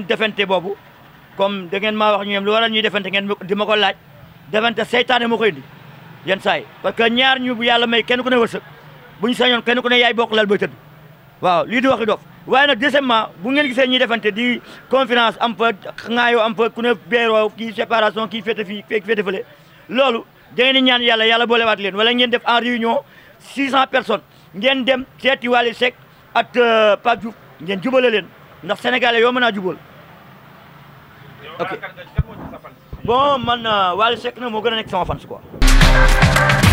seen defante boobu comme da ngeen maa wax ñu yem lu waral ñuy defante ngeen di ma ko laaj defante seytaane moo koy indi yenn parce que ñaar ñu bu yàlla may kenn ku ne wërsëg bu ñu sañoon kenn ku ne yaay bokk lal bay tëdd waaw lii di waxi dof waaye nag deuxièmement bu ngeen gisee ñuy defante di conférence am fa ŋaayoo am fa ku ne beeroo kii séparation kii féete fii kii féete fële loolu da ñaan yàlla yàlla boolewaat leen wala ngeen def en réunion six cent personnes ngeen dem seeti Wally Seck ak euh, Pape Diouf ngeen jubale leen ndax sénégalais yoo mën naa jubal ok bon man euh, Wally Seck na moo gën a nekk sama fans quoi.